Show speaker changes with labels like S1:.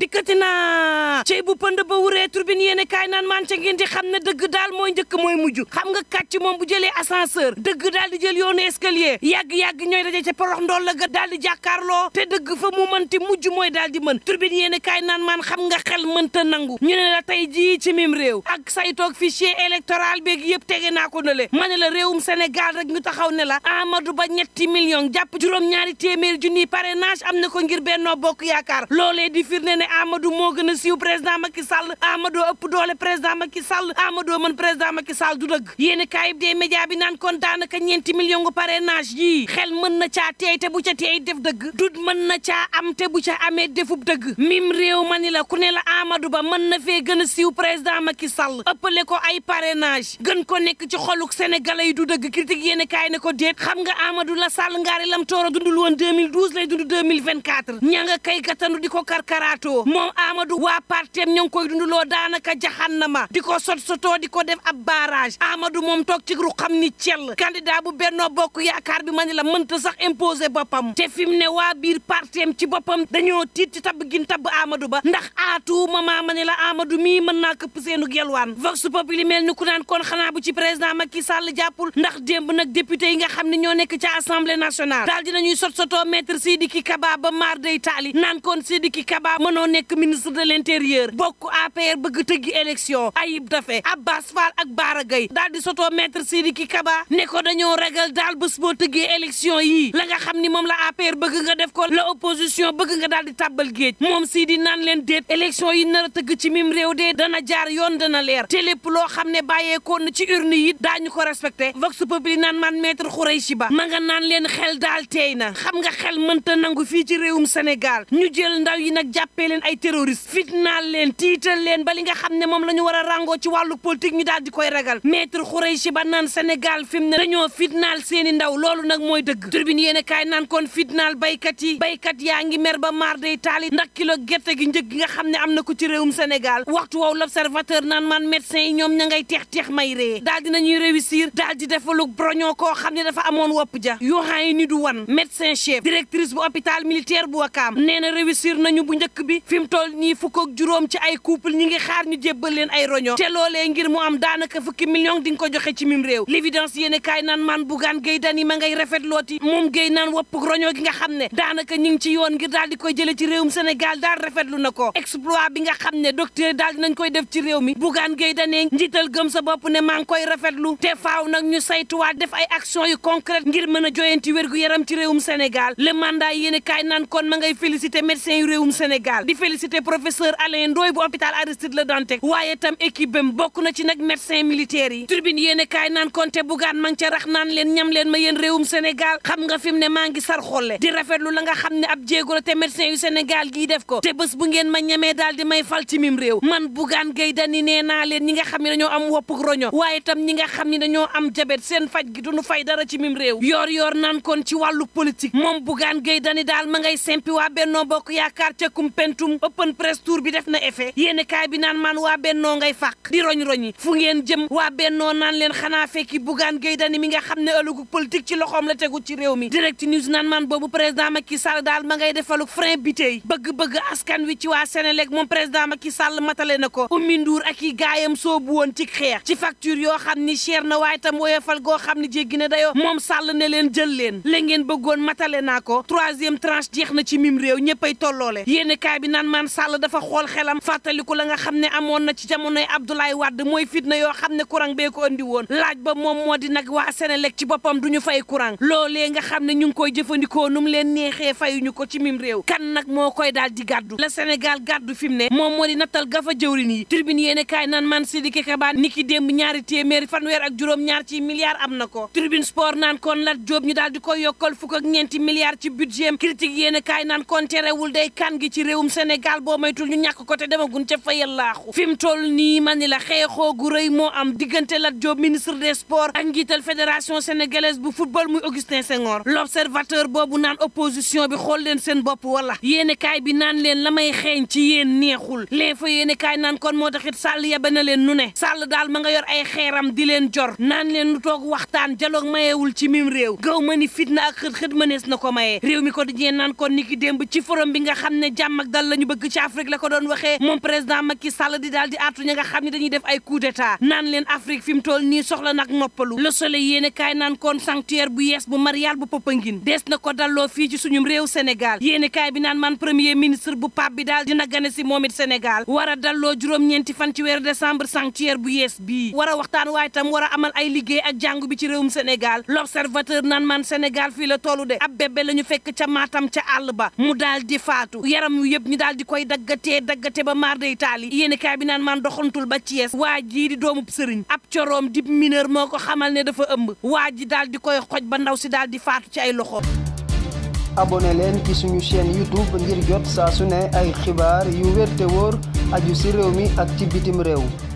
S1: dikkati naa cey bu pënd ba wuree turbine yéen kaay naan maan ca ngeen di xam ne dëgg daal mooy njëkk mooy mujj xam nga kàcc moom bu jëlee ascenseur dëgg daal di jël yoonu escalier yàgg-yàgg ñooy daje ca porox ndool la ga daal di jàkkaarloo te dëgg fa mu mënti mujj mooy daal di mën turbine yéen kaay naan maan xam nga xel mënta nangu ñu ne la tey jii ci mim réew ak saytoog fichier électoral beeg yëpp tege naa ko nale ma ne la réewum Sénégal rek ñu taxaw ne la Amadou Ba ñetti million jàpp juróom-ñaari téeméeri junniy parrainage am na ko ngir Benno Bokk Yaakaar Amadou moo gën a siw président Macky Sall Amadou ëpp doole président Macky Sall Amadou mën président Macky Sall du dëgg yéen kaayib dee média bi naan kon daanaka ñeenti million gu parrainage yii xel mën na caa teey te bu ca teey def dëgg dut mën na caa am te bu ca amee defub dëgg mim réew ma ni la ku ne la Amadou Ba mën na fee gën a siiw président Macky Sall ëppale ko ay parrainage gën ko nekk ci xoluk sénégalais yi du dëgg critique yéen kaay ne ko déet xam nga Amadou la Sall ngaari lam tooro dundul woon 2012 lay dund 2024 ña nga kay di ko karkaraatoo ko moom Amadou waa partem ñoo ngi koy dunduloo daanaka jaxannama di ko sot sotoo di ko def ab barrage Amadou moom toog ci ru xam ni cell candidat bu Benno Bokk Yaakaar bi ma ni la mënta sax imposer boppam te fi mu ne waa biir partem ci boppam dañoo tiit ci tabb gin tabb Amadou ba ndax aatu mama ma ni la Amadou mii mën naa këpp seenug yelwaan vox populi mel ni ku naan kon xanaa bu ci président Macky Sall jàppul ndax démb nag député yi nga xam ne ñoo nekk ca assemblée nationale daal dinañuy sot sotoo maître Sidiki Kaba ba maar day taali naan kon Sidiki Kaba mënoon nekk ministre de l' intérieur bokk APR bëgg tëggi élection Ayib Daffé Abbas Fall ak Bara Gaye daal di soto ki Sidiki Kaba ne ko dañoo ragal daal bés boo tëggee élection yi la nga xam ni moom la APR bëgg nga def ko la opposition bëgg nga daal di tàbbal géej moom sii di naan leen déet élection yi nar a tëgg ci mim réew de dana jaar yoon dana leer te lépp loo xam ne bàyyeekoon na ci urne yi daañu ko respecté vox populi naan man maître Khoureychi Ba ma nga leen xel daal teey na xam nga xel mënta nangu fii ci réewum Sénégal leen ay terroriste fitnaal leen tiital leen ba li nga xam ne moom la ñu war a ràngoo ci wàllu politique ñu daal di koy ragal maître Khoureychi ba naan Sénégal fi mu ne dañoo fitnaal seeni ndaw loolu nag mooy dëgg turbine yéen a kaay naan kon fitnaal yi baykat yaa ngi mer ba maar day taali ndax kilo gerte gi njëg gi nga xam ne am na ko ci réewum Sénégal waxtu woow l'observateur naan man médecin yi ñoom ña ngay teex teex may ree daal di nañuy réussir daal di defalu broñoo koo xam ne dafa amoon wopp ja yoxaan yi ni du wan médecin chef directrice bu hôpital militaire bu Wakaam nee na réussir nañu bu njëkk bi fi mu toll nii fukk ak juróom ci ay couple ñi ngi xaar ñu jébbal leen ay roño te loolee ngir mu am daanaka fukki million di nga ko joxe ci mim réew l'évidence yéen kaay naan man bugaan géy dani ma ngay rafet looti moom géy naan wopp roño gi nga xam ne daanaka ñi ngi ci yoon ngir daal di koy jële ci réewum Sénégal daal rafetlu na ko exploit bi nga xam ne docteur daal nañ koy def ci réew mi bugaan gey danee njiital gëm sa bopp ne maa ngi koy rafetlu te faaw nag ñu saytuwaat def ay action yu ngir mën a joyanti wérgu yaram ci réewum Sénégal le mandat yéen kaay naan kon ma ngay félicité médecin yu Sénégal di féliciter professeur Alain Ndoye bu hôpital Aristide Le Dantec waaye tam équipe bokk na ci nag médecin militaire yi tribune yéene kaay naan Conté Bougane ma ngi ca rax naan leen ñam leen ma yéen réewum Sénégal xam nga fi mu ne maa ngi sar xolle di rafetlu la nga xam ne ab jéego te médecin yu Sénégal gii def ko te bés bu ngeen ma ñamee daal di may fal ci mim réew man Bougane Gueye Dany nee naa leen ñi nga xam ne dañoo am woppuk roño waaye tam ñi nga xam ne dañoo am jabet seen faj gi duñu fay dara ci mim réew yoor yoor naan kon ci wàllu politique moom Bougane Gueye Dany daal ma ngay sempi waa Benno Bokk Yaakaar ca kumpen Makutum open press tour bi def na effet yenn kaay bi naan maan waa bennoo ngay fàq di roñ-roñi fu ngeen jëm waa bennoo naan leen xanaa fekki Bougane Gueye Dany mi nga xam ne ëllëgu politique ci loxoom la tegu ci réew mi direct news naan maan boobu président Macky Sall daal ma ngay defaluk frein bitey bëgg-bëgg askan wi ci waa Sénélec moom président Macky Sall matale na ko Oumy Ndour ak i gaayam soobu woon ci xeex ci facture yoo xam ni cher na waaye tam woyofal goo xam ne jéggi na dayoo moom Sall ne leen jël leen la ngeen bëggoon matale naa ko troisième tranche jeex na ci mim réew ñëppay tolloole yéene naan maan Sall dafa xool xelam fàttaliku la nga xam ne amoon na ci jamonoy Abdoulaye Wade mooy fitna yoo xam ne courant bee ko andi woon laaj ba moom moo di nag waa Sénélec ci boppam du ñu fay courant loolee nga xam ne ñu ngi koy jëfandikoo nu mu leen neexee fayuñu ko ci miin réew kan nag moo koy daal di gàddu la Sénégal gàddu fi mu ne moom moo di nattal gafa jëwrin yi tribune yéene kaay naan man Sidiki Kaba niki démb ñaari téeméeri fanweer ak juróom ñaar ci milliards am na ko tribune sport naan kon Lat Diop ñu daal di koy yokkal fukk ak ñeenti milliards ci budget critique yéene kaay naan kon terewul day kan gi ci réewum senegal boo maytul ñu ñàkk ko te demagun ca fayal laaxu fi mu toll nii ma ni la xeexoo gu rëy moo am diggante Lat Diop ministre des sports ak njiital fédération sénégalaise bu football muy Augustin Senghor l'observateur boobu naan opposition bi xool leen seen bopp wala yéene kaay bi naan leen la may xeeñ ci yéen neexul lee fa yéene kaay naan kon moo taxit Sall yabe na leen nu ne Sall daal ma nga yor ay xeeram di leen jor naan leen nu toog waxtaan dialogue mayewul ci mim réew gaw ma ni fitna ak xët xët mënees na ko maye réew mi ko di naan kon niki ci forum bi nga xam ne jàmm la ñu bëgg ci Afrique la ko doon waxee moom président Macky Sall di daal di artu nga xam ne dañuy def ay coup d'état naan leen Afrique fi mu toll nii soxla nag noppalu Le Soleil yéene kaay naan kon sanctuaire bu yees bu Marial bu Popenguine des na ko dalloo fii ci suñum réew Sénégal yéene kaay bi naan man premier ministre bu Pape bi daal dina gane si moom it Sénégal war a juróom-ñeenti fan ci weeru décembre sanctuaire bu yees bii war a waxtaan waaye tam war a amal ay liggéey ak jàngu bi ci réewum Sénégal l'observateur naan man Sénégal fii la tollu de ab bébé la ñu fekk ca Matam ca àll ba mu daal di faatu yaram yëpp daal di koy daggatee daggate ba maar day taali yéen bi naan man doxantul ba Thiès waa jii di doomu sëriñ ab coroom di mineur moo ko xamal ne dafa ëmb waa ji daal di koy xoj ba ndaw si daal di faatu ci ay loxo. abonné leen ci suñu chaîne youtube ngir jot saa su ne ay xibaar yu wér te wóor aju si réew mi ak ci bitim réew.